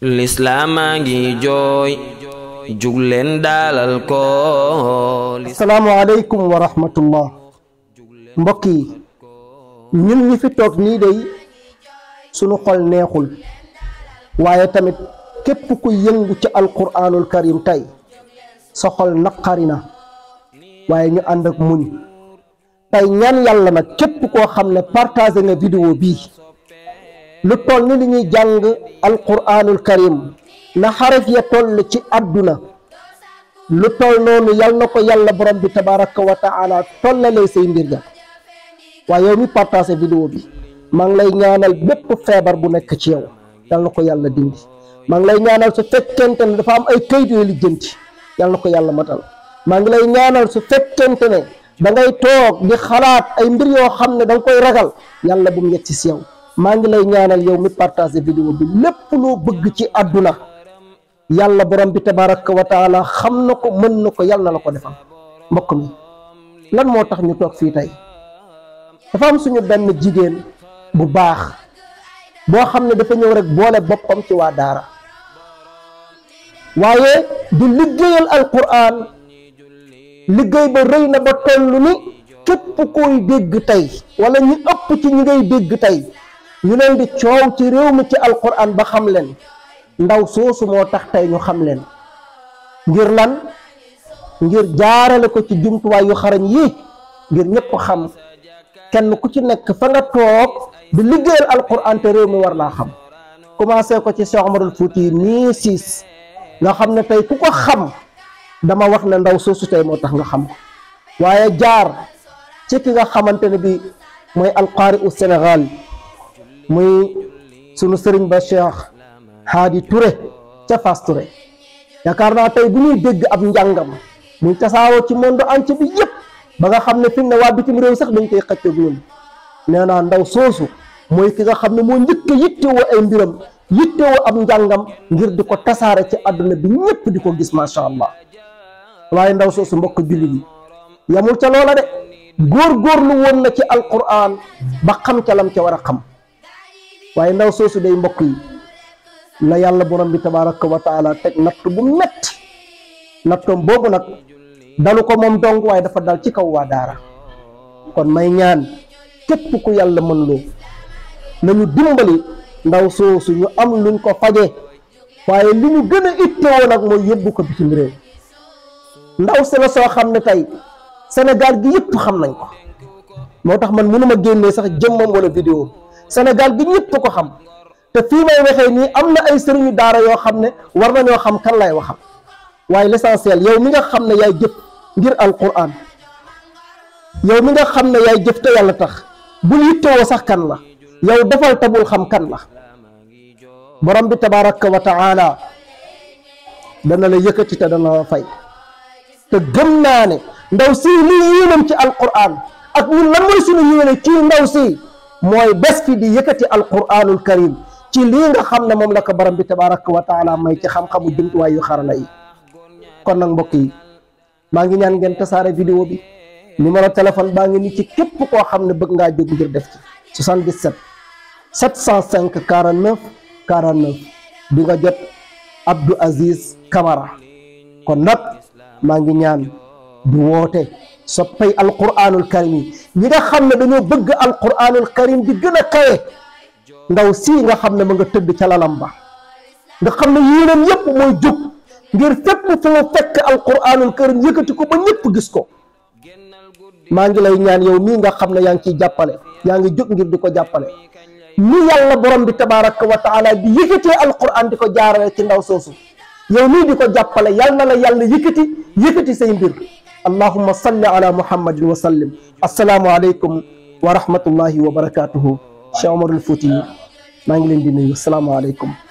lislaamaa ngi jooy jug leen daalal ko asalaamualeykum wa mbokk yi ñun ñi fi nii day sunu xol neexul tamit képp ku yëngu ci alquraanul karim tey sa xol naqari na waaye ñu ànd ak muñ tey ñaan yàlla nag képp koo xam ne partagé nga vidéo bii lu toll ni li ñuy jàng alquranul karim na xaraf ya toll ci àdduna lu toll noonu yal na ko yàlla borom bi tabaraka wa taala tollalee say mbir ga waaye yow mi partagé vidéo bi maa ngi lay ñaanal bépp feebar bu nekk ci yow yal na ko yàlla dindi maa ngi lay ñaanal su fekkente ne dafa am ay kayit yooyu lijjanti yal ko yàlla matal maa ngi lay ñaanal su fekkente ne da toog di xalaat ay mbir yoo xam ne da nga koy ragal yàlla bu mu yegg ci si yow maa ngi lay ñaanal yow mi partagé vidéo bi lépp loo bëgg ci àdduna yàlla borom bi tabaraka wa taala xam na ko mën na ko yàlla na la ko defal mbokk mi lan moo tax ñu toog fii tey dafa am suñu benn jigéen bu baax boo xam ne dafa ñëw rek boole boppam ci waa daara waaye du liggéeyal alquran liggéey ba rëy na ba toll ni képp koy dégg tey wala ñu ëpp ci ñi ngay dégg tey ñu leen di ciow ci rew mi ci alquran ba xam len ndaw soosu mo tax tay ñu xam len ngir lan ngir jaarale ko ci way yu xarañ yi ngir ñepp xam kenn ku ci nek fa nga tok di liggeel alquran te rew mi war la xam commencé ko ci Cheikh amadou Fouti ni siis nga xam ne tay ku ko xam dama wax ne ndaw soosu tay mo tax nga xam waye jaar ci ki nga xamantene bi moy senegal muy sunu sëriñ ba Cheikh Hadi Touré ca Fass Touré yaakaar naa tey bu ñuy dégg ab njàngam muy tasaaroo ci monde entier bi yëpp ba nga xam ne fi mu ne waa bitim réew sax dañ koy xëccoog nee naa ndaw soosu mooy ki nga xam ne moo njëkk a yittewoo ay mbiram yittewoo ab njàngam ngir di ko tasaare ci àdduna bi ñëpp di ko gis macha allah waaye ndaw soosu mbokk jullit yi yamul ca de góor góorlu woon na ci alquran ba xam ca lam ca war a xam waaye ndaw soosu day mbokk yi la yàlla borom bi tabaraka wa taala teg natt bu metti nattoom boobu nag dalu ko moom dong waaye dafa dal ci kaw waa daara kon may ñaan képp ku yàlla mën loo nañu dimbali ndaw soosu ñu am luñ ko faje waaye li ñu gën a ittewoo nag mooy yóbbu ko bitim réew ndaw si la soo xam ne tey Sénégal gi yëpp xam nañ ko moo tax man mënuma génnee sax jëmmam wala vidéo senegal bi ñëpp ko xam te fii may waxee am na ay sëriñu daara yoo xam ne war na ñoo xam kan lay waxam waaye l'essentiel yow mi nga xam ne yaay jëf ngir alquran yow mi nga xam ne yaay jëf te yàlla tax bul yittewoo sax kan la yow defal tabul xam kan la borom bi tabaraka wa taala dana la yëkkati te dana la fay te gëm naa ne ndaw si li yéenam ci alquran ak ñun lan mooy suñu yéene ci ndaw si mooy bés fi di yëkkati alquranul karim ci lii nga xam na moom la ko borom bi tabaraka wa taala may ci xam-xamu jumtuwaay yu xarala kon nag mbokk yi maa ngi ñaan ngeen tasaare vidéo bi numéro téléphone baa ngi ni ci képp koo xam ne bëgg ngaa jóg ngir def ci 77 705 49 49 di nga jot Abdou Aziz Camara kon nag maa ngi ñaan di woote soppay alquraanul karim yi ñi nga xam ne dañoo bëgg alquraanul karim di gën a kawe ndaw sii nga xam ne ma nga tëdd ca lalam ba nga xam ne yéenam yépp mooy jóg ngir fépp fu mu fekk alquraanul karim yëkkati ko ba ñëpp gis ko maa ngi lay ñaan yow mii nga xam ne yaa ngi ciy jàppale yaa ngi jóg ngir di ko jàppale ni yàlla borom bi tabaraka wa taala di yëkkatee alquran di ko jaarale ci ndaw soosu yow mii di ko jàppale yal na la yàlla say mbir اللهم صل على محمد وسلم السلام عليكم ورحمة الله وبركاته عمر الفوتي ما نقول السلام عليكم